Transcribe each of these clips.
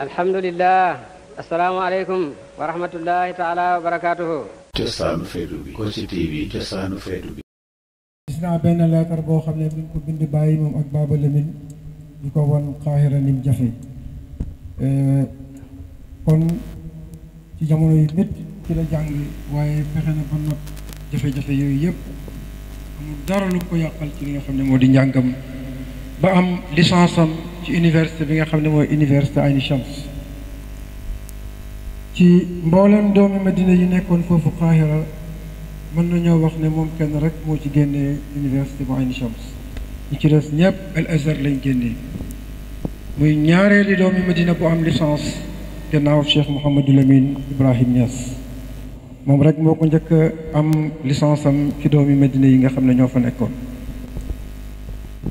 الحمد لله السلام عليكم ورحمة الله تعالى وبركاته جسانو فيدو بي كوشي تي في جسانو فيدو بي جسنا بين لاتر بو خامني بن كو بند باي موم اك بابا قاهره نيم جفي euh kon ci يمت yu nit ci فخنا jàng جفي جفي يو يب not jafe-jafe yooyu yëpp amul dara lu ko ci université bi nga xam ne mooy université Ayn Shams ci mboolem doomi Madina yi nekkoon foofu Qahira mën nañoo wax ne moom kenn rek moo ci génnee université bu Ayn Shams ñu ci des ñëpp al azhar lañ génnee muy ñaareeli doomi Madina bu am licence gannaaw Cheikh Mouhamadou Lamine Ibrahim Niass moom rek moo ko njëkk am licence am ci doomi Madina yi nga xam ne ñoo fa nekkoon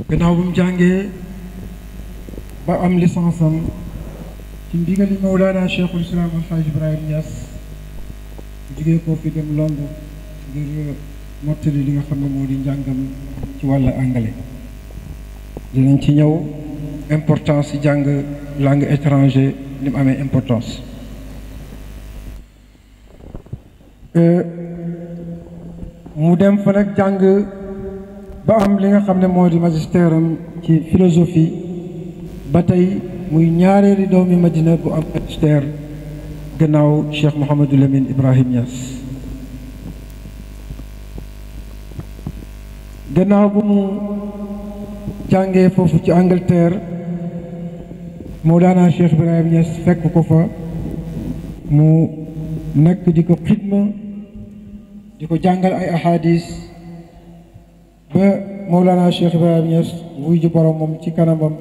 gannaaw bu mu jàngee ba am licence am ci ndigali Islam Ibrahim ko fi dem ngir mottali li nga xam ne moo ci anglais dinañ ci ñëw importance jàng langue étranger ni mu amee importance euh, mu dem fa nag ba am li nga xam ne magistère ci philosophie ba tey muy ñaareeli doomi Madina bu am magistère gannaaw Cheikh Mouhamadou Lamine Ibrahim Niass gannaaw bu mu jàngee foofu ci Angleterre Mawlana Cheikh Ibrahim Niass fekk ko fa mu nekk di ko xidma di ko jàngal ay ahadis ba Mawlana Cheikh Ibrahim Niass wuy ji boromam ci kanamam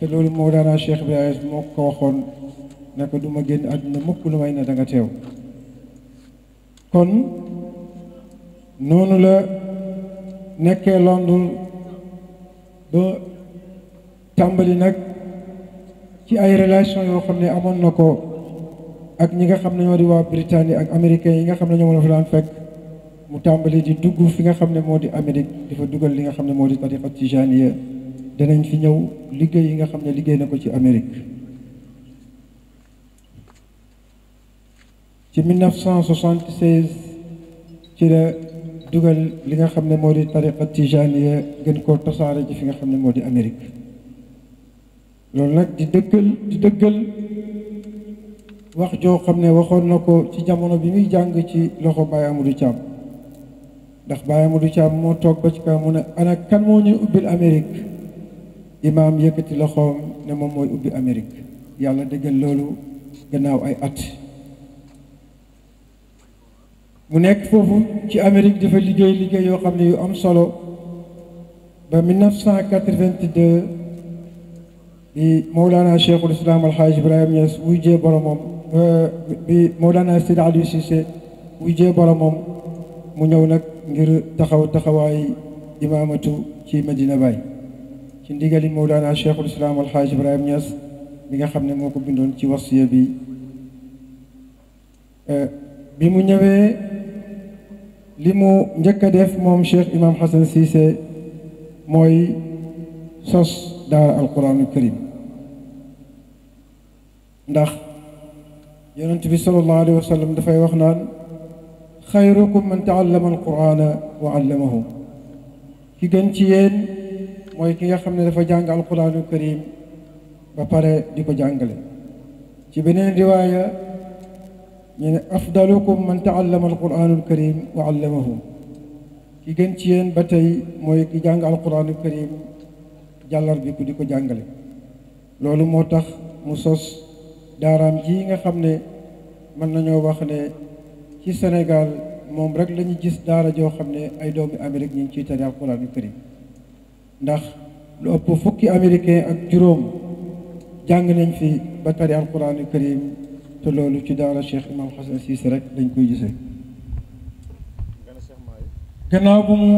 te loolu moo Mawlana Cheikh Ibrahima moo ko waxoon ne ko du ma génn àdduna mukk lu may na da teew kon noonu la nekkee London ba tàmbali nag ci ay relation yoo xam ne amoon na ko ak ñi nga xam ne ñoo di waa Britannique ak américain yi nga xam ne ñoo mën fa daan fekk mu tàmbali di dugg fi nga xam ne moo di Amérique di fa dugal li nga xam ne moo di tariqa tijaaniya danañ fi ñëw liggéey yi nga xam ne liggéey na ko ci Amérique ci 1976 ci la dugal li nga xam ne moo di tariqa tijaniya gën koo tasaare ci fi nga xam ne moo di amerique loolu nag di dëggal di wax joo xam ne waxoon na ko ci jamono bi muy jàng ci loxo Baye Amadou Thiam ndax Baye Amadou Thiam moo toog ba ci kaw mu ne ana kan moo ñuy ubbil Amérique imam yëkkati loxoom ne moom mooy ubbi Amérique yàlla dëggal loolu gannaaw ay at mu nekk foofu ci Amérique dafa liggéey liggéey yoo xam ne yu am solo ba 1982 bi Mawlana Cheikhul Islam Alhaaj Ibrahim yes Niass wujjee boromam bi Mawlana sid Aliou Cissé wujjee boromam mu ñëw nag ngir taxaw taxawaay imaamatu ci Medina Baye ci ndigali Mawlana Cheikhul Islam Alxaaj Ibrahim Niass bi nga xam ne moo ci wasiya bi bi mu ñëwee li mu def moom Cheikh Imam Hassan Cissé mooy sos daara alquranul karim ndax yonent bi sallallahu alayhi wa sallam dafay wax naan xayrukum man taallama alqurana wa allamahu mooy ki nga xam ne dafa jàng alquraanu karim ba pare di ko jàngale ci beneen riwaaya ñu ne afdalukum man taallama alquraanu karim wa allamahu ki gën ci yéen ba tey mooy ki jàng alquraanu karim jàllar bi di ko jàngale loolu moo tax mu sos daaraam ji nga xam ne mën nañoo wax ne ci Sénégal moom rek la ñu gis daara joo xam ne ay doomi Amérique ñu ngi ciy tari alquraanu karim ndax lu ëpp fukki américain ak juróom jàng nañ fi ba tari alquraanu karim te loolu ci daara cheikh imam xasan siise rek dañ koy gisee gannaaw bu mu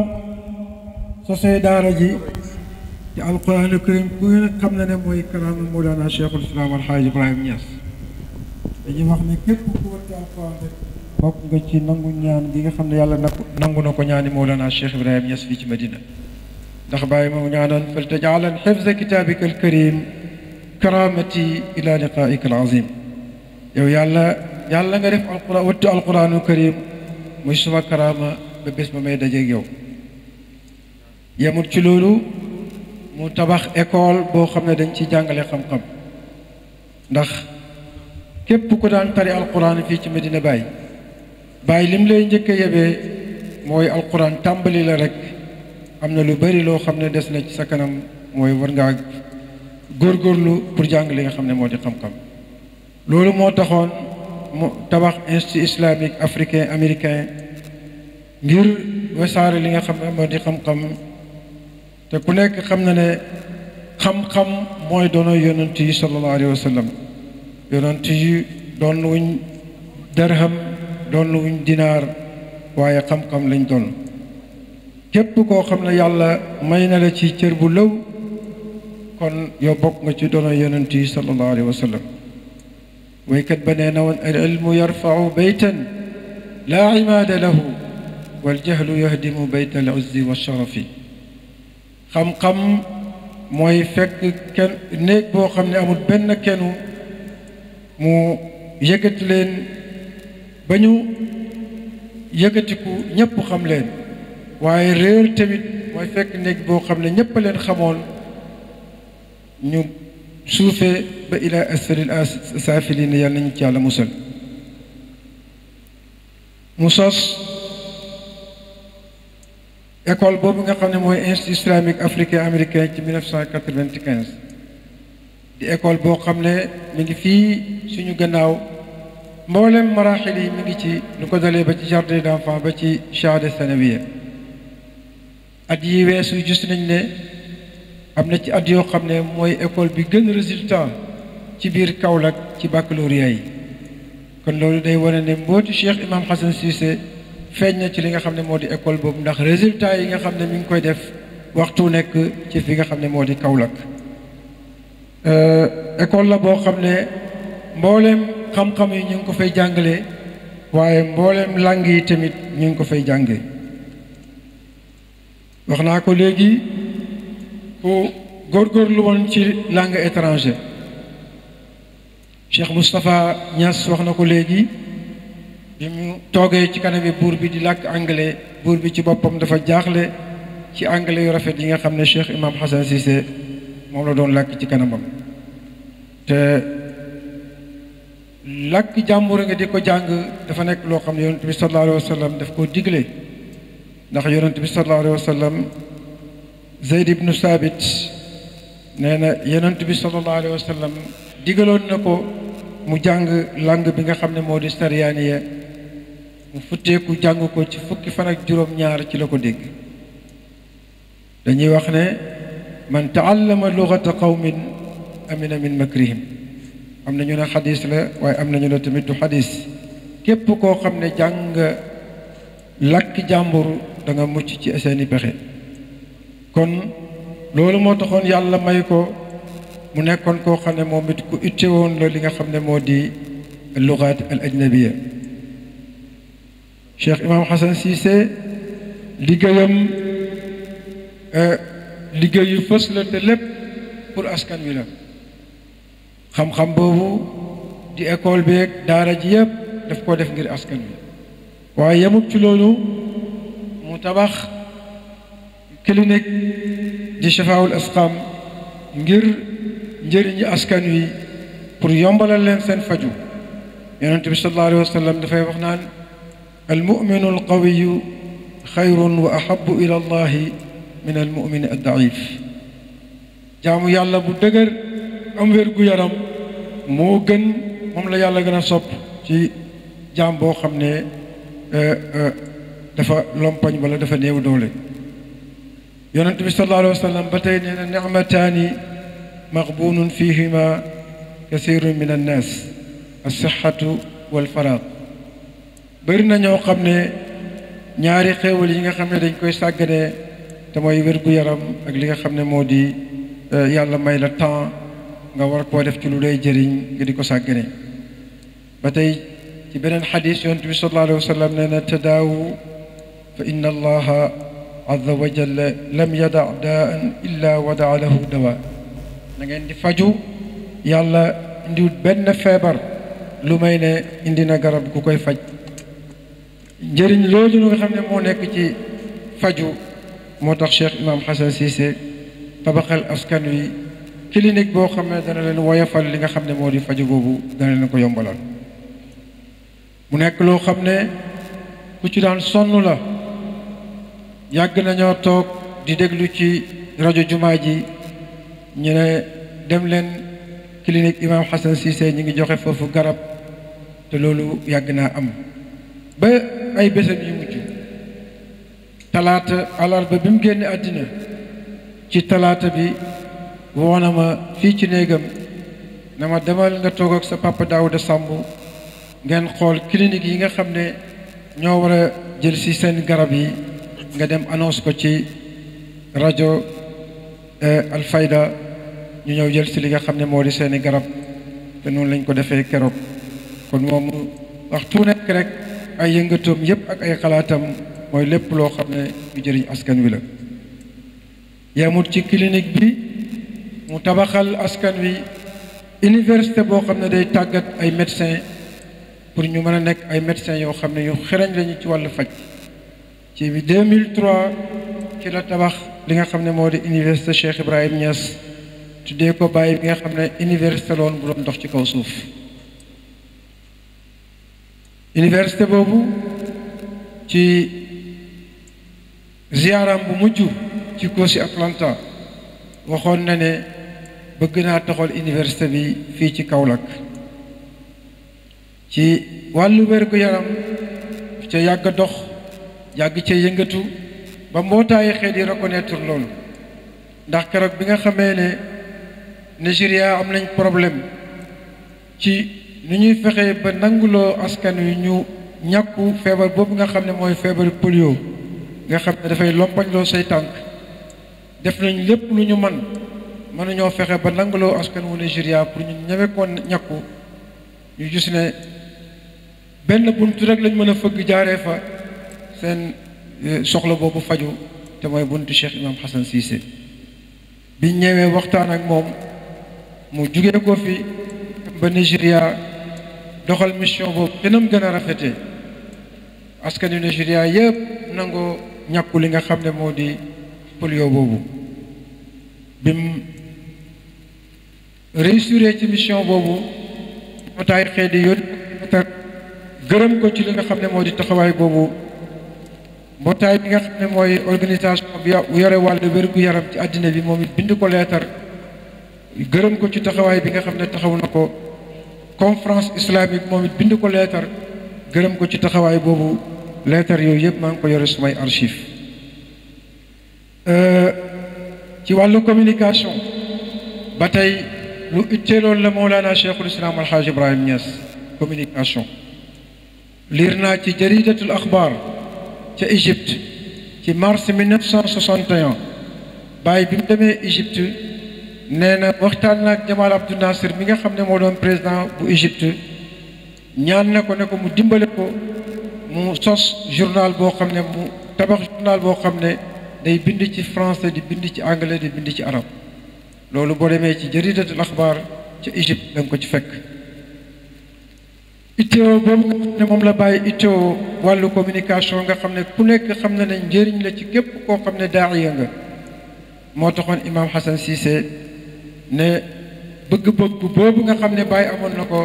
sosee daara ji ci alquraanu karim ku nekk xam na ne mooy kalaama mawlaana cheikhul islaam alxaaj ibrahima ñas dañuy wax ne képp ku wàcce alquraan rek bokk nga ci nangu ñaan gi nga xam ne yàlla nangu na ko ñaani mawlaana cheikh ibrahima ñas fii ci madina نخبعي مولانا فلتجعلن حفظ كتابك الكريم كرامتي الى لقائك العظيم. يا يالا يالا نعرف القران وتو القران الكريم مشوى كرامه ببسم ميدا جيو. يا موتشلولو موتابخ ايكول بو خمنا دنشي جانغل خم خم. نخ كيف بوكودان تري القران في مدينه باي. باي لملا ينجك يبي موي القران تمبلي لك am na lu bari loo xam ne des na ci sa kanam mooy war góor góorlu pour jàng li nga xam ne moo di xam-xam loolu moo taxoon mu tabax institut islamique africain américain ngir wesare li nga xam ne moo di xam-xam te ku nekk xam na ne xam-xam mooy doono yonent yi sallallahu alayhi wa sallam yonent yi doon wuñ darham doon wuñ dinaar waaye xam-xam lañ doon كيف كو خمنا يالا ماينا لا سي تير بو لو كون يو بوك ما سي دونا صلى الله عليه وسلم وي بنينا وان العلم يرفع بيتا لا عماد له والجهل يهدم بيت العز والشرف خم خم موي فك نيك بو خمني امول بن مو يگت لين بانيو يگتكو نيب خم waaye réer tamit mooy fekk néeg boo xam ne ñëpp leen xamoon ñu suufee ba ila asfalil asafilin yàlla nañu ci yàlla musal mu sos école boobu nga xam ne mooy institut islamique africain américain ci 1995 di école boo xam ne mi ngi fii suñu gannaaw mboolem maraaxil yi mi ngi ci lu ko dalee ba ci jardin d'enfants ba ci de sanawiya at yi weesu gis nañ ne am na ci at yoo xam ne mooy école bi gën résultat ci biir Kaolack ci baccalauréat yi kon loolu day wane ne mbooti Cheikh Imam Hassan Cissé feeñ na ci li nga xam ne moo di école boobu ndax résultat yi nga xam ne mi ngi koy def waxtu nekk ci fi nga xam ne moo di Kaolack euh, école la boo xam ne mbooleem xam-xam yi ñu ngi ko fay jàngale waaye mbooleem langue yi tamit ñu ngi ko fay jànge wax naa ko léegi ku góorgóorlu woon ci langue étranger Cheikh Moustapha ñas wax na ko léegi bi mu toogee ci kanami buur bi di làkk anglais buur bi ci boppam dafa jaaxle ci anglais yu rafet yi nga xam ne Cheikh Imam Hassan Cissé moom la doon làkk ci kanamam te làkk jàmbur nga di ko jàng dafa nekk loo xam ne yonent bi sallallahu daf koo digle ndax yonent bi sallallahu alayhi wa zeyd ibnu saabit nee na yonent bi sallallahu alayhi wa digaloon na ko mu jàng langue bi nga xam ne moo di saryaaniya mu futteeku jàng ko ci fukki fan ak juróom-ñaar ci la ko dégg dañuy wax ne man taallama lugata qawmin amina min makrihim am na ñu ne xadis la waaye am na ñu ne tamit du xadis képp koo xam ne jàng nga làkk jàmbur da nga mucc ci seeni pexe kon loolu moo taxoon yàlla may ko mu nekkoon koo xam ne moom it ku itte woon la li nga xam ne moo di lugaat al ajnabiya Cheikh Imam Hassan Cissé liggéeyam euh, liggéey yu fës la te lépp pour askan wi la xam-xam boobu di école beeg daara ji yëpp daf ko def ngir askan wi waaye yemut ci loolu مطبخ كلينيك دي شفاء الاسقام غير غير ني اسكان وي بور يومبال لين سن فاجو يونتبي صلى الله عليه وسلم دا فاي المؤمن القوي خير واحب الى الله من المؤمن الضعيف جامو يالا بو دغر ام وير غو يارام مو گن موم لا يالا گنا سوب سي جام بو خامني ا آه، ا آه، dafa lompañ wala dafa néew doole yonent bi sallallahu alayhi wa sallam ba tey nee na nicmataani maqbunun fihima kasirun min annaas alsixatu walfaraag bëri na ñoo xam ne ñaari xéewal yi nga xam ne dañ koy sàgganee te mooy wér yaram ak li nga xam ne moo di euh, yàlla may la temps nga war koo def ci lu lay jëriñ nga di ko sàggane ba tey ci beneen xadis yonent bi sallallahu alayhi wa sallam nee فإن الله عز وجل لم يدع داء إلا ودع له دواء نغين دي فاجو يالا بن فيبر لوماي ني جرب غرب كوكاي فاج جيرين لولو نيغا خامني مو نيك شيخ امام حسن سيسي طبق الاسكنوي كلينيك بو خامني دا نالين ويفال ليغا خامني مودي فاجو بوبو دا نالين كو يومبالون مو نيك لو خامني كو تي yàgg nañoo toog di déglu ci rajo jumaa ji ñu ne dem leen clinique imam Hassan Cissé ngi joxe foofu garab te loolu yàgg naa am ba ay bésam yu mujj talaata alarba bi mu génn àddina ci talaata bi woo ma fii ci néegam na ma demal nga toog ak sa papa Daouda Samb ngeen xool clinique yi nga xam ne ñoo war a jël si seen garab yi nga dem annonce ko ci rajo eh, Alfayda ñu ñëw jël si li nga xam ne moo di seeni garab te noonu lañ ko defee keroog kon moom waxtu nekk rek ay yëngatoom yëpp ak ay xalaatam mooy lépp loo xam ne ñu jëriñ askan wi la yamut ci clinique bi mu tabaxal askan wi université boo xam ne day tàggat ay médecin pour ñu mën a nekk ay médecin yoo xam ne yu xereñ lañu ci wàllu faj ci bi 2003 ci la tabax li nga xamne modi université Cheikh Ibrahim Niass tudé ko baye bi nga xamne université lon bu doon dox ci kaw souf université bobu ci ziaram bu mujj ci Kosi Atlanta waxon na ne bëgg na taxol université bi fi ci Kaolack ci walu wér ko yaram ci yag dox yàgg cee yëngatu ba mbootaayu xeet yi reconnaître loolu ndax keroog bi nga xamee ne Nigéria am nañ problème ci nu ñuy fexee ba nanguloo askan wi ñu ñàkku feebar boobu nga xam ne mooy polio nga xam ne dafay lompañloo say tànk def nañ lépp lu ñu man mënuñoo fexe ba nanguloo askan wu Nigéria pour ñu ñeme ko ñàkku ñu gis ne benn bunt rek lañ mën a fëgg jaaree fa seen eh, soxla boobu faju te mooy buntu Cheikh Imam Hassan Cissé biñ ñëwee waxtaan ak moom mu jugee ko fi ba Nigéria doxal mission boobu kenam gën a askanu Nigéria yëpp nangoo ñàkku li nga xam ne moo di polio boobu bim réussir ci mission boobu ñoo taay xëy di yónni gërëm ko ci li nga xam ne moo di taxawaay boobu motay bi nga xamne moy organisation bi yu yore walu wergu yaram ci adina bi momit bindu ko letter geureum ko ci taxaway bi nga xamne taxaw nako conférence islamique momit bindu ko letter geureum ko ci taxaway bobu letter yoy yeb mang ko yore sumay archive euh ci walu communication batay tey lu itteeloon la moulana Cheikhul Islam al Alhaaj Ibrahim Niass communication lirna ci jaridatul akhbar ca Égypte ci mars 1961 bàyyi bi mu demee Égypte nee na waxtaan naag Jamal Abdou Nasser mi nga xam ne moo doon président bu Égypte ñaan na ko ne ko mu dimbale ko mu sos journal boo xam ne mu tabax journal boo xam ne day bind ci français di bind ci anglais di bind ci arab loolu boo demee ci jaridatul axbaar ca Égypte da ko ci fekk ittoo boobu nga xam ne moom la bàyyi ittoo wàllu communication nga xam ne ku nekk xam na ne njëriñ la ci képp koo xam ne daariya nga moo taxoon imaam Hassan Cissé ne bëgg-bëgg boobu nga xam ne bàyyi amoon na ko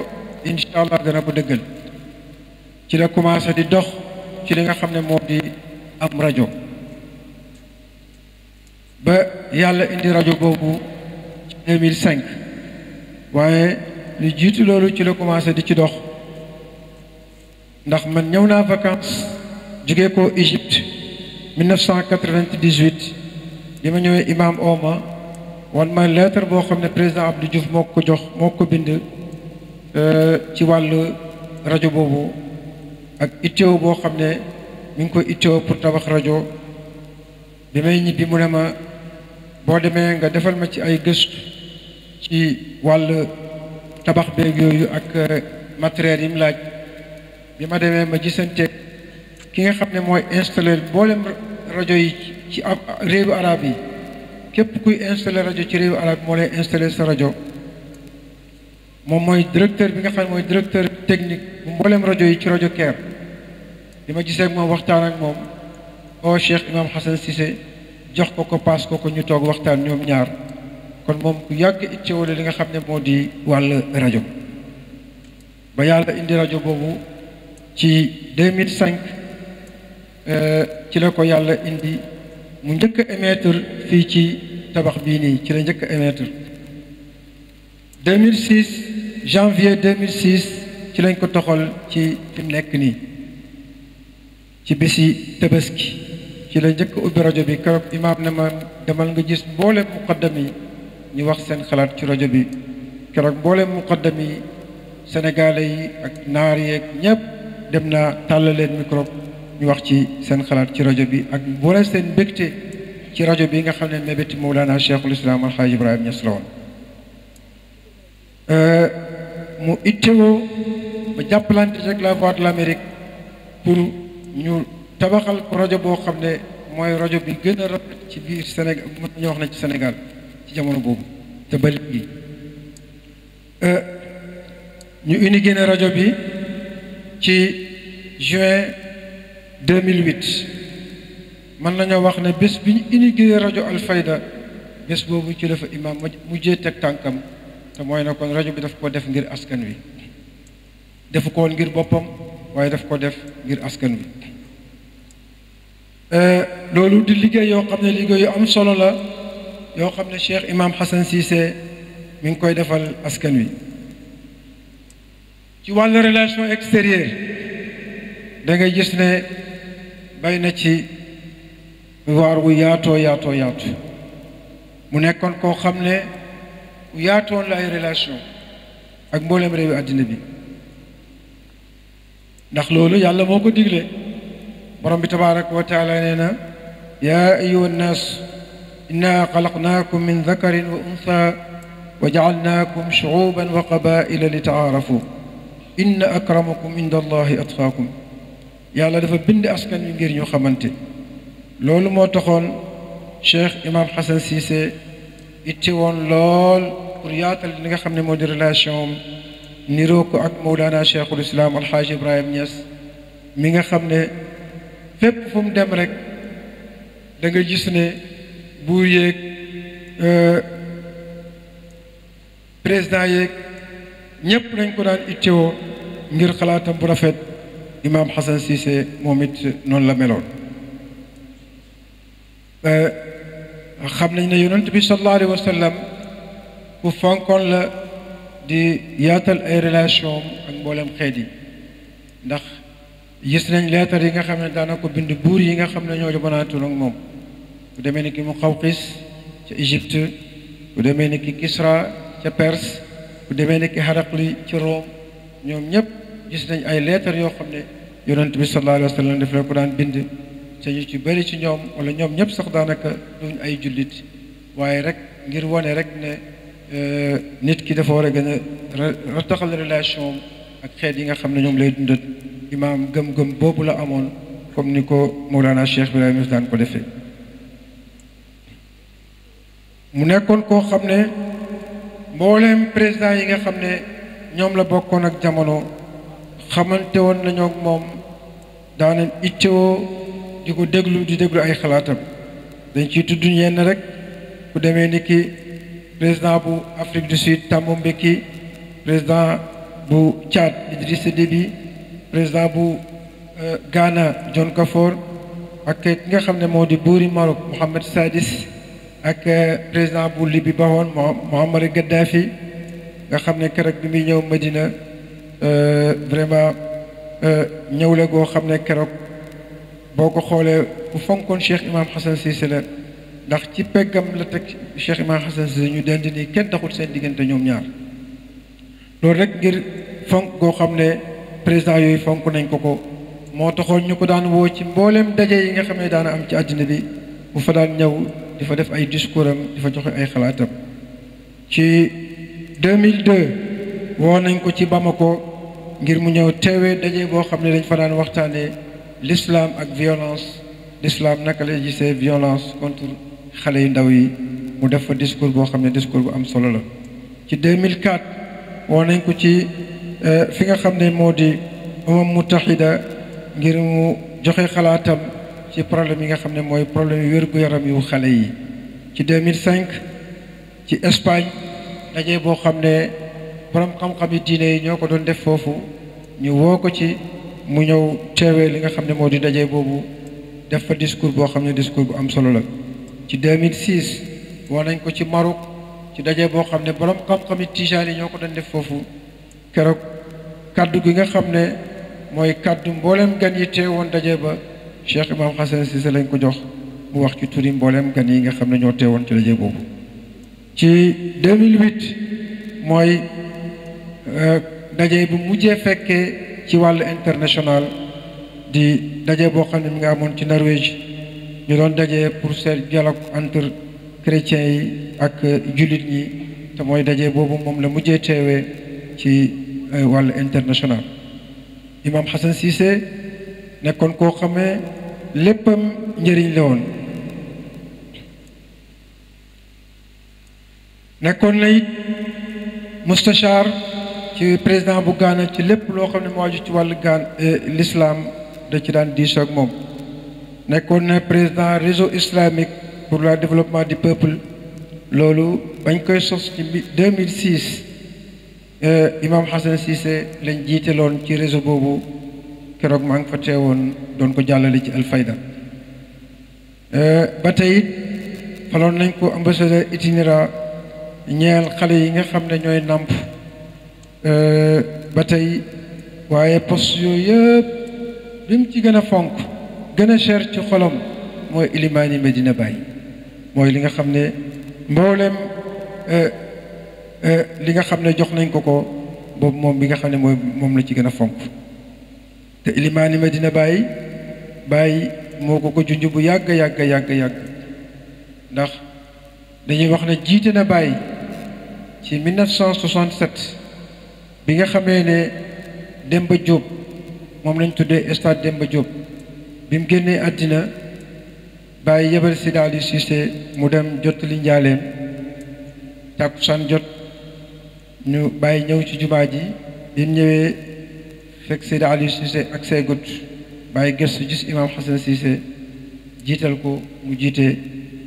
incha allah dana ko dëggal ci la commencé di dox ci li nga xam ne moo di am rajo ba yàlla indi rajo boobu ci 2005 waaye lu jiitu loolu ci la commencé di ci dox. ndax man ñëw naa vacances jógee ko Égypte 1998 bi ma ñëwee imam Oma wan ma lettre boo xam ne président Abdou Diouf moo ko jox moo ko bind euh, ci wàll rajo boobu ak itteew boo xam ne mi ngi koy itteew pour tabax rajo bi may ñibbi mu ne ma boo demee nga defal ma ci ay gëstu ci wàll tabax beeg yooyu ak euh, matériel yi mu laaj. bi ma demee ma gisante ki nga xam ne mooy installé mboolem rajo yi ci ab réewu arab yi képp kuy installé rajo ci réewu arab moo lay installé sa rajo moom mooy directeur bi nga xam ne mooy directeur technique bu mboolem rajo yi ci rajo Caire bi ma gisee moom waxtaan ak moom oo Cheikh Imam Hassan Cissé jox ko ko paas ko ko ñu toog waxtaan ñoom ñaar kon moom ku yàgg ittewale li nga xam ne moo di wàll rajo ba yàlla indi rajo boobu ci 2005 euh, ci la ko yàlla indi mu njëkk a fii ci tabax bii nii ci la njëkk a émettre 2006 janvier 2006 ci lañ ko toxal ci fi mu nekk nii ci bisi tabaski ci la njëkk ubbi rajo bi keroog imaam ne ma demal nga gis mbooleem muqaddam yi ñu wax seen xalaat ci rajo bi keroog mbooleem muqaddam yi sénégalais yi ak naar yeeg ñëpp dem naa tàll leen micro ñu wax ci seen xalaat ci rajo bi ak boole seen mbégte ci rajo bi nga xam ne mébéti Mawlana Cheikhul Islam Alxaaj Ibrahima Ñas la woon euh, mu ittewoo ba jàppalante rek la voix de l'Amérique pour ñu tabaxal ko rajo boo xam ne mooy rajo bi gën a rafet ci biir Sénégal mën nañu wax na ci Sénégal ci jamono boobu te ba léegi euh, ñu uni génne rajo bi ci juin 2008 mën nañoo wax ne bés bi ñu inauguré rajo Alfayda bés boobu ci la fa imaam mujjee teg tànkam te mooy ne kon rajo bi daf ko def ngir askan wi defu ko ngir boppam waaye daf ko def ngir askan wi euh, loolu di liggéey yoo xam ne liggéey am solo la yoo xam ne Cheikh Imam Hassan Cissé mi ngi koy defal askan wi ci walu relation extérieure da nga gis ne bay na ci war gu yaatoo yaatoo yaatu mu nekkoon koo xam ne ku yaatoon la ay relation ak mbooleem réewi àddina bi ndax loolu yàlla moo ko digle borom bi tabaraka wa taala nee na yaa ayuha nnaas inna xalaqnaakum min dakarin wa unsa wa jaalnaakum shuuban wa inna akramakum inda allahi atqaakum yàlla dafa bind askan wi ngir ñu xamante loolu moo taxoon cheikh imam Hassan Cissé itti woon lool pour yaatal li nga xam ne moo di relation niroo ko ak Mawlana cheikhul islam alxaaji Ibrahim Niass mi nga xam ne fépp fu mu dem rek da nga gis ne buur yéeg euh, président ñëpp dañ ko daan ittewoo ngir xalaatam bu rafet imaam Xasan Cissé moom it noonu la meloon xam nañ ne yonent bi sallallahu alayhi wa sallam bu fonkoon la di yaatal ay relation ak mboolem xeet yi ndax gis nañ leetar yi nga xam ne daana ko bind buur yi nga xam ne ñoo jobanaatu ak moom bu demee ni ki mu xawqis ca Égypte bu demee ni ki Kisra ca Perse bu demee nekk xaraqli ci Room ñoom ñëpp gis nañ ay leetar yoo xam ne yonent bi sallallahu alayhi wa sallam daf daan bind te ñu ci bëri ci ñoom wala ñoom ñëpp sax daanaka duñ ay jullit waaye rek ngir wane rek ne euh, nit ki dafa war a gën a rataxal relation ak xeet yi nga xam ne ñoom lay dundat imaam gëm-gëm boobu la amoon comme ni ko Mawlana Cheikh Ibrahima daan ko defee mu nekkoon koo xam ne mbooleem président yi nga xam ne ñoom la bokkoon ak jamono xamante woon nañu ak moom daanañ ittewoo di ko déglu di déglu ay xalaatam dañ ci tudd ñenn rek ku demee ni ki président bu Afrique du Sud Thabo Mbeki président bu Tchad Idrissa Déby président bu euh, Ghana John Kafor ak ki nga xam ne moo di buuri Maroc Mohamed Sadis ak président bu Libi ba mohammed Gaddafi nga xamne ne bi mi ñëw Medina euh vraiment euh ñëw la go xamne ne boko xolé ko xoolee bu fonkoon Cheikh Imam Hassan sissela ndax ci peggam la tek Cheikh Imam Hassan sissela ñu dend ni kenn taxul seen digënté ñom ñaar loolu rek ngir fonk go xamne président yoy fonk nañ ko ko mo taxoon ñu ko daan wo ci mbolem daje yi nga xamne ne daana am ci aduna bi bu fa daan ñëw di fa def ay discours di fa joxe ay xalaatam ci 2002 woo nañ ko ci Bamako ngir mu ñëw teewee daje boo xam ne dañ fa daan waxtaanee l'islam ak violence l'islam naka lay gisee violence contre xale yu ndaw yi mu def fa discours boo xam ne discours bu am solo la. ci 2004 woo nañ ko ci euh, fi nga xam ne moo di umam mutahida ngir mu joxe xalaatam. ci problème yi nga xam ne mooy problème wér-gu-yaram yu xale yi ci 2005 ci Espagne daje boo xam ne borom xam-xam yi diine yi ñoo ko doon def foofu ñu woo ko ci mu ñëw teewee li nga xam ne moo di daje boobu def fa discours boo xam ne discours bu am solo la ci 2006 woo nañ ko ci Maroc ci daje boo xam ne borom xam-xam yi tijaan yi ñoo ko doon def foofu keroog kaddu gi nga xam ne mooy kaddu mboolem gan yi teewoon daje ba Cheikh Imam Xasan Cissé lañ ko jox mu wax ci turi mbooleem gan yi nga xam ne ñoo teewoon ci daje boobu ci 2008 mooy euh, daje bu mujjee fekkee ci wàll international di daje boo xam ne mi nga amoon ci Norvège ñu doon dajee pour seet dialogue entre chrétiens yi ak jullit ñi te mooy daje boobu moom la mujjee teewee ci euh, wàll international Imam Xasan Cissé nekkoon koo xamee léppam njëriñ la woon nekkoon na it mustachar ci président bu Gaana ci lépp loo xam ne moo aju ci wàll gaan eh, lislaam da ci daan diisoo ak moom nekkoon na président réseau islamique pour la développement du peuple loolu bañ koy sos ci 2006 eh, Imam Hassan Cissé lañ jiite loon ci réseau boobu keroog maa ngi fa teewoon doon ko jàllale ci alfayda eh, ba tey it nañ ko ambassadeur itinéraire ñeel xale yi nga xam ne ñooy nàmp eh, ba tey waaye post yooyu yëpp li ci gën a fonk gën a cher ci xolam mooy ilimaani Medina Baye mooy li nga xam ne mboolem eh, li nga xam ne jox nañ ko ko boobu moom bi nga xam ne mooy moom la ci gën a fonk te ilimaani Medina Baye Baye moo ko ko junj bu yàgg yàgg yàgg yàgg ndax dañuy wax ne jiite na bàyyi ci 1967 bi nga xamee ne Demba jóob moom lañ tuddee stade Demba Diop bi mu génnee àddina Baye yebal si daal di mu dem jottali njaaleem tàkkusaan jot ñu Baye ñëw ci jumaa ji bi ñëwee. fekk Seydi Aliou Cissé ak say gut bàyyi gëstu gis imaam Xasan Cissé jiital ko mu jiite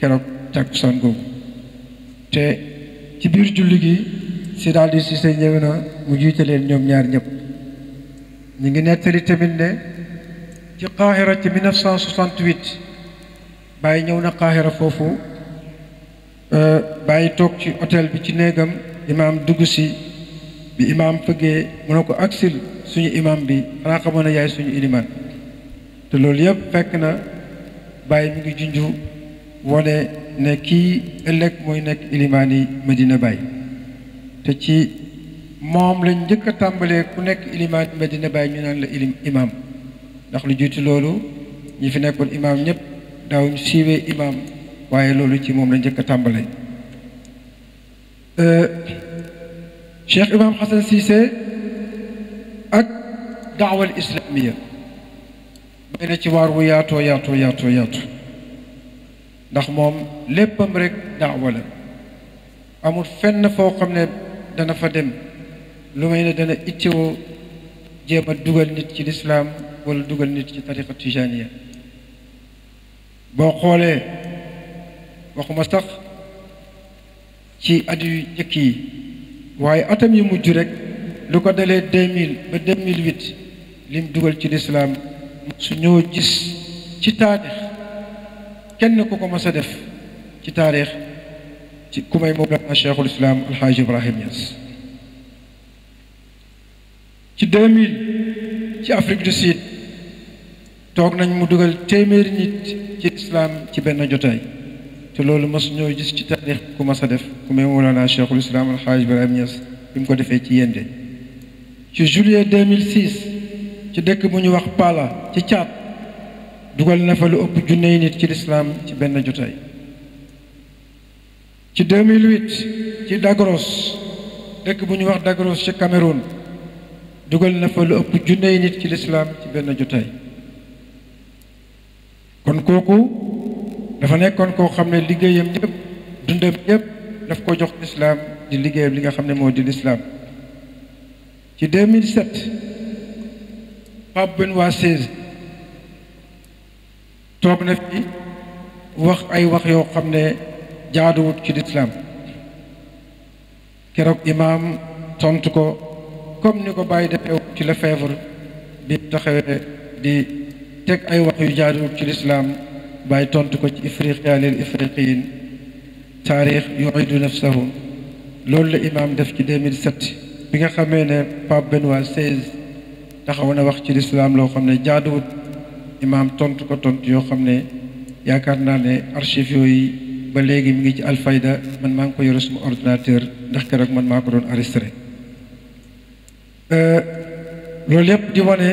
keroog tàkkusaan googu te ci biir julli gi Seydi Aliou Cissé ñëw na mu jiite leen ñoom ñaar ñëpp ñu ngi nettali tamit ne ci Qahira ci 1968 bàyyi ñëw na Qahira foofu euh, bàyyi toog ci hôtel bi ci néegam imaam dugg si bi imaam fëggee mu ne ko aksil suñu imaam bi xanaa xamoon ne yaay suñu ilimaan te loolu yëpp fekk na Baye mi ngi junju wane ne kii ëllëg mooy nekk ilimaan yi Medina Baye te ci moom lañ njëkk a tàmbalee ku nekk ilimaan Medina Baye ñu naan la ilim imaam ndax lu jiitu loolu ñi fi nekkoon imaam ñëpp daawuñ siiwee imaam waaye loolu ci moom la njëkk a tàmbalee euh, شيخ امام حسن سيسي اك دعوه الاسلاميه بين تيوار وياتو ياتو ياتو ياتو داخ موم ليبام ريك دعوه لا امول فن فو خمن دا نا فا ديم لوماي دا نا ايتيو جيما دوغال نيت سي الاسلام ولا دوغال نيت سي طريقه تيجانيه بو خوله واخو ما سخ سي ادي نيكي waye atam yu mujj rek luko dalé 2000 ba 2008 lim duggal ci l'islam su ñoo gis ci taarix kenn ku ko mësa def ci taarix ci ku may Mawlana Cheikhul Islam al Alxaaji Ibrahim yass ci 2000 ci Afrique du Sud tok nañ mu duggal témer nit ci l'islam ci benn jotay تلول مصنوع جس كتابي كما صدف كما يقول على شيخ الإسلام الحاج برامياس بمكو دفعي تيين دي في جولية 2006 في دك بني وق بالا في تشاد دوغال نفلو أب جنين في الإسلام في بن جوتاي في 2008 في داغروس دك بني وق داغروس في كاميرون دوغال نفلو أب جنين في الإسلام في بن جوتاي كون كوكو dafa nekkoon koo xam ne liggéeyam yëpp dundam yëpp daf ko jox lislaam di liggéeyam li nga xam ne moo di lislaam ci 2007 Pape Benoît Sèye toog na fi wax ay wax yoo xam ne jaaduwut ci lislaam keroog imaam tontu ko comme ni ko bàyyi defee ci la feebar di taxawee di teg ay wax yu jaaduwut ci lislaam bàyyi tontu ko ci ifriqiya lil ifriqiyin taarix yuidu nafsahu loolu la imaam def ci 2007 bi nga xamee ne Pape Benoît XVI taxaw na wax ci lislaam loo xam ne jaaduwut imaam tontu ko tontu yoo xam ne yaakaar naa ne archive yooyu ba léegi mi ngi ci alfayda man maa ngi ko yore suma ordinateur ndax keroog man maa ko doon enregistré loolu yépp di wane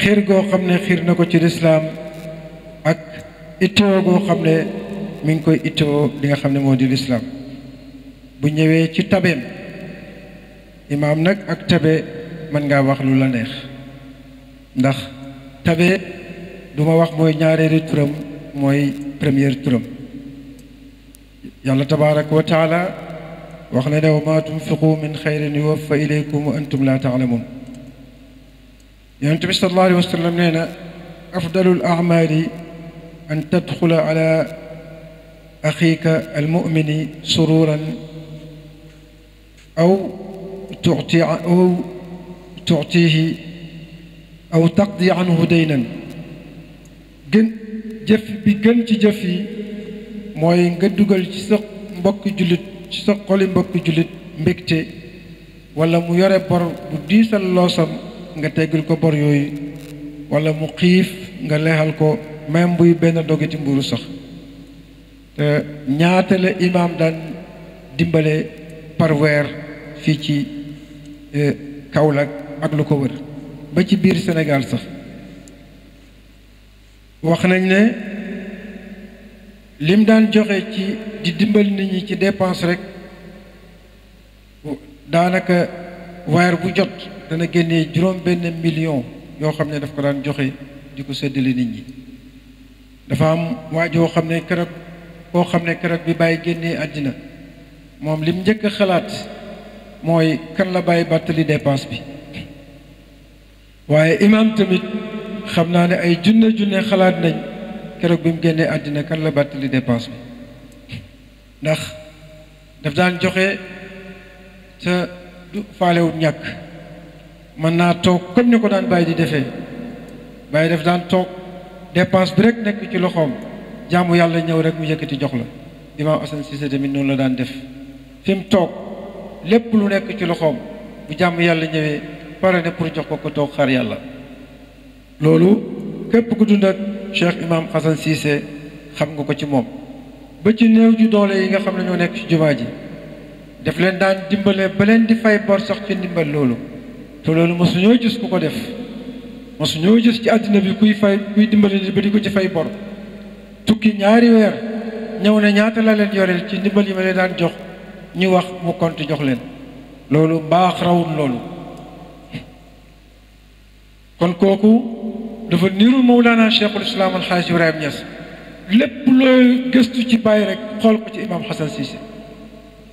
xiir goo xam ne xiir na ko ci lislaam ittewoo goo xam ne mi ngi koy ittewoo li nga xam ne moo di bu ñëwee ci tabeem imaam nag ak tabe mën ngaa wax lu la neex ndax tabe du ma wax mooy ñaareelu turam mooy première turam yàlla tabaraka wa taala wax ne ne wa tunfiqu min xayrin yuwaffa ilaykum wa antum laa taalamun yonente sallallahu alayhi wa sallam nee afdalul amali أن تدخل على أخيك المؤمن سرورا أو تعطي أو تعطيه أو تقضي عنه دينا جن جف بجن جفي موي قد قال تسق بك جلد تسق قال بك جلد مكتي ولا ميرى بر بديس الله سب نتقل كبر يوي ولا مقيف نقلها الكو même buy benn dogiti mburu sax te ñaata la imaam daan dimbale par weer fii ci e, Kaolack ak lu ko wër ba ci biir Sénégal sax wax nañ ne lim daan joxe ci di dimbali nit ñi ci dépense rek daanaka weer bu jot dana génnee juróom benn million yoo xam ne daf ko daan joxe di ko séddale nit ñi dafa am woo xam ne keroog koo xam ne keroog bi bàyyi génne àddina moom lim njëkk a xalaat mooy kan la bàyyi bàttali dépense bi waaye imaam tamit xam naa ne ay junne junne xalaat nañ keroog bi mu génnee àddina kan la bàttali dépense bi ndax daf daan joxe te du faalewut ñàkk mën naa toog comme ni ko daan bàyyi di defee bàyyi daf daan toog dépense bi rekk nekk ci loxoom jaamu yàlla ñëw rek mu yëkkati jox la imaam Assane Cissé tamit noonu la daan def fi mu toog lépp lu nekk ci loxoom bu jàmm yàlla ñëwee pare ne pour jox ko ko toog xar yàlla loolu képp ku dund ak Cheikh Imam Assane xam nga ko ci moom ba ci néew ju doole yi nga xam ne ñoo nekk ci jumaa ji def leen daan dimbale ba leen di fay bor sax ci ndimbal loolu te loolu mosuñoo gis ku ko def mosu ñoo gis ci àddina bi kuy fay kuy dimbali nit ba di ko ci fay bor tukki ñaari weer ñëw ne ñaata la leen yoreel ci ndimbal yi ma leen daan jox ñu wax mu compte jox leen loolu mbaax rawul loolu kon kooku dafa niiru Mawlana Cheikhul Islam Alxaaj Ibrahim Niass lépp looy gëstu ci bàyyi rek xool ko ci imam Hassan Cissé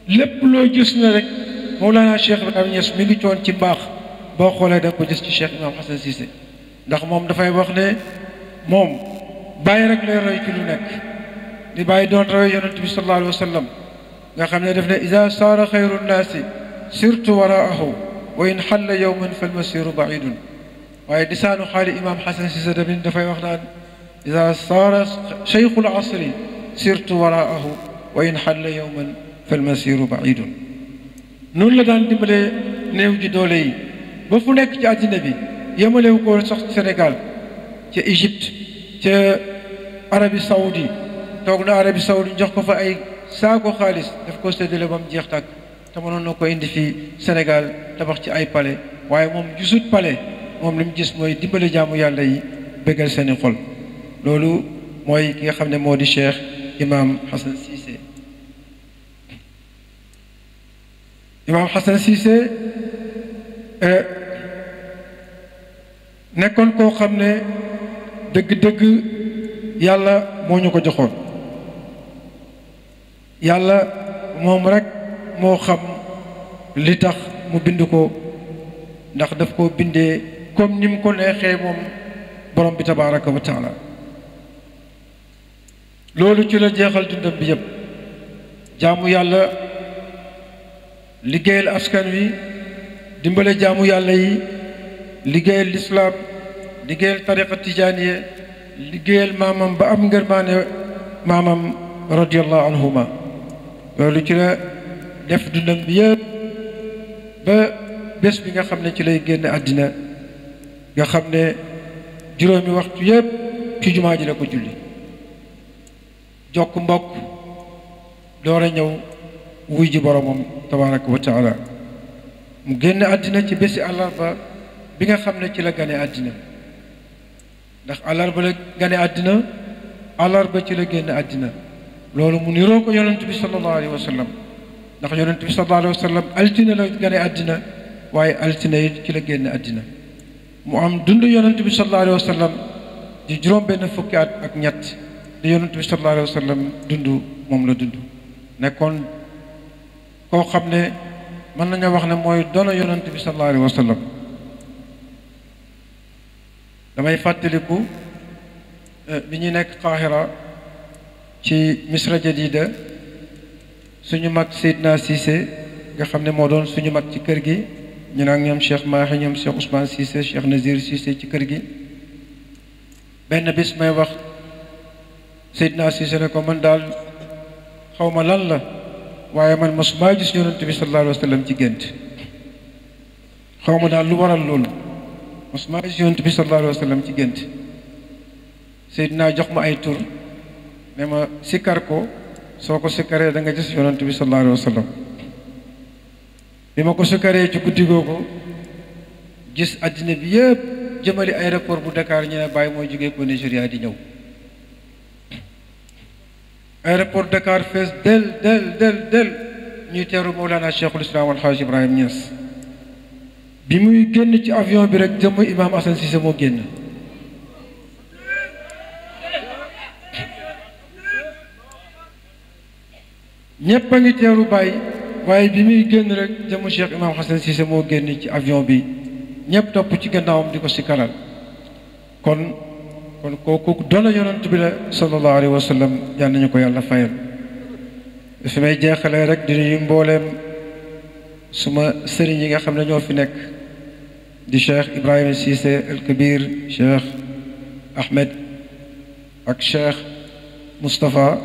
lépp looy gis na rek Mawlana Cheikh Ibrahim Niass mi ngi coon ci mbaax boo xoolee da nga ko gis ci Cheikh imam Hassan Cissé ndax mom da fay wax ne mom bàyyi rek lay roy ci lu nek di bàyyi don roy yaronte bi sallallahu alayhi wasallam nga xamne def ne iza sara khairun nas sirtu waraahu wa in xalla yowman falmasiru baidun waaye lisaanu khali imam hasan xasan sise da fay wax naan iza sara shaykhul asr sirtu waraahu wa in yawman fal falmasiru ba'id nun la daan dimbele new ji dole yi ba fu nek ci adina bi yemalewu ko sax Sénégal ca Égypte ca Arabie Saoudi toog na Arabie Saoudi jox ko fa ay saako xaalis daf ko séddale ba mu jeex tàkk te mënoon na ko indi fii Sénégal tabax ci ay palais waaye moom gisut palais moom li mu gis mooy dimbale jaamu yàlla yi bégal seeni xol loolu mooy ki nga xam ne moo di Cheikh Imam Hassan Cissé Imam Hassan Cissé nekkoon koo xam ne dëgg-dëgg yàlla moo ñu ko joxoon yàlla moom rekk moo xam li tax mu bind ko ndax daf ko bindee comme ni mu ko neexee moom borom bi tabaaraka wa taala loolu ci la jeexal dundam bi yépp jaamu yàlla liggéeyal askan wi dimbale jaamu yàlla yi liggéeyal lislaam liggéeyal tariqa tijaaniye liggéeyal maamam ba am ngërmaane maamam radiallahu anhuma loolu ci la def dundam bi yëpp ba bés bi nga xam ne ci lay génn àddina nga xam ne juróomi waxtu yépp ci jumaa ji la ko julli jokk mbokk door ñëw wuy ji boromam tabaraka wa taala mu génn àddina ci bési àllarba bi nga xam ne ci la gane àddina ndax àllarba la gane àddina àllarba ci la génn àddina loolu mu niroo ko yonent bi sallallahu wa sallam ndax yonent bi sallallahu alayhi wa sallam altine la gane àddina waaye altine yi ci la génn àddina mu am dund yonent bi sallallahu alayhi wa sallam di juróom benn fukki at ak ñett di yonent bi sallallahu wa sallam dund moom la dund nekkoon koo xam ne mën nga wax ne mooy doona yonent bi sallallahu alayhi wa sallam damay fàttaliku bi ñu nekk Qahira ci Misra Jadida suñu mag Seydina Cissé nga xam ne moo doon suñu mag ci kër gi ñu naan ñoom Cheikh Mahi ñoom Cheikh Ousmane Cissé Cheikh Nazir Cissé ci kër gi benn bis may wax Seydina Cissé ne ko man daal xaw ma lan la waaye man masumaa gis yonent bi sallallahu alayhi wa sallam ci gént xaw ma daal lu waral loolu mosuma gis yonent bi sallallahu alayhi wa ci gént Seydina jox ma ay tur ne ma ko soo ko sikkaree danga gis yonent bi sallallahu alayhi bi ma ko sikkaree ci guddi googu gis àddina bi yëpp jëmali aéroport bu Dakar ñu bàyyi mooy jógee ko Nigéria di ñëw aéroport Dakar fees del del del del ñuy teeru Mawlana Cheikhul Islam Alhaji Ibrahim Niass bi muy génn ci avion bi rek jëmm imaam Assane Cissé moo génn ñépp a ngi teeru bàyyi waaye bi muy génn rek jëmm Cheikh Imam Assane Cissé moo génn ci avion bi ñépp topp ci gannaawam di ko si kon kon kooku dona yonent bi la sallallahu alayhi wa sallam yal nañu ko yàlla fayal fi may jeexalee rek di mbooleem suma sëriñ yi nga xam ne ñoo fi nekk di cheikh Ibrahima Cissé El Kabir cheikh Ahmed ak cheikh Moustapha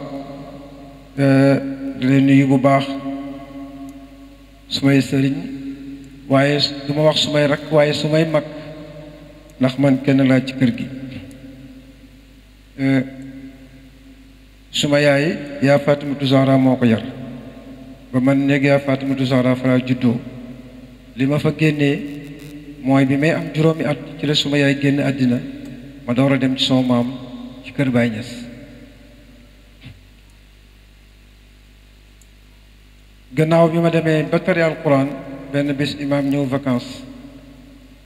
eh, di leen nuyu bu baax sumay sëriñ waaye du ma wax sumay rakk waaye sumay mag ndax man kenn laa ci kër gi eh, suma yaay yaa Fatimatu Zahra moo ko yar ba man néeg yaa Fatimatu Zahra fa juddoo li ma fa génnee mooy bi may am juróomi at ci la suma yaay génn àddina ma door a dem ci soo maam ci kër Baay Ñas gannaaw bi ma demee ba tari benn bés imaam ñëw vacances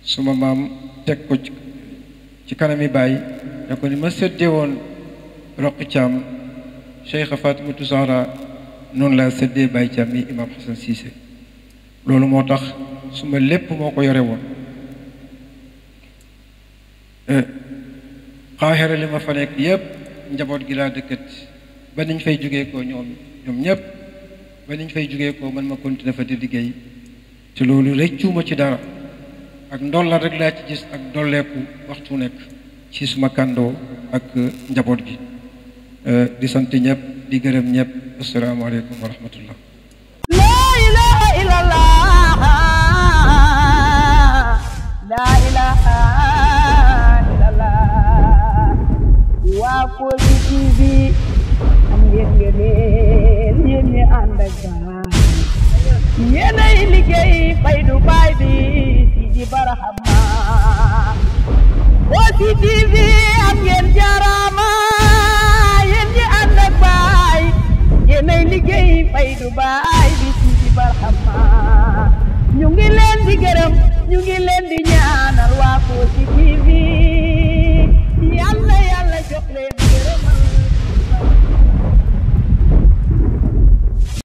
suma maam teg ko ci kanami baay ne ko ni ma séddee woon roqi caam cheikh fatimatu zahra noonu laa séddee baay caam yi imaam xasan siise loolu moo tax suma lépp moo ko yore woon xaaxira li ma fa nekk yépp njaboot gi laa dëkkat ba niñ fay jógeekoo ñoom ñoom ñëpp ba niñ fay jógeekoo ko man ma continuer fa di liggéey te loolu rëccuuma ci dara ak ndolla rek laa ci gis ak dolleeku waxtu nekk ci suma kàndoo ak njaboot gi di sant ñëpp di gërëm ñëpp asalaamaaleykum wa rahmatullah aku libi ngeen ngeen yeen ñi ànd ak gaal yéen ay liggéey du baay bi di barahama TV Ambil jarama yéen ñi ànd ak baay yéen ay du bi di barahama ñu ngi leen di gërëm ñu di TV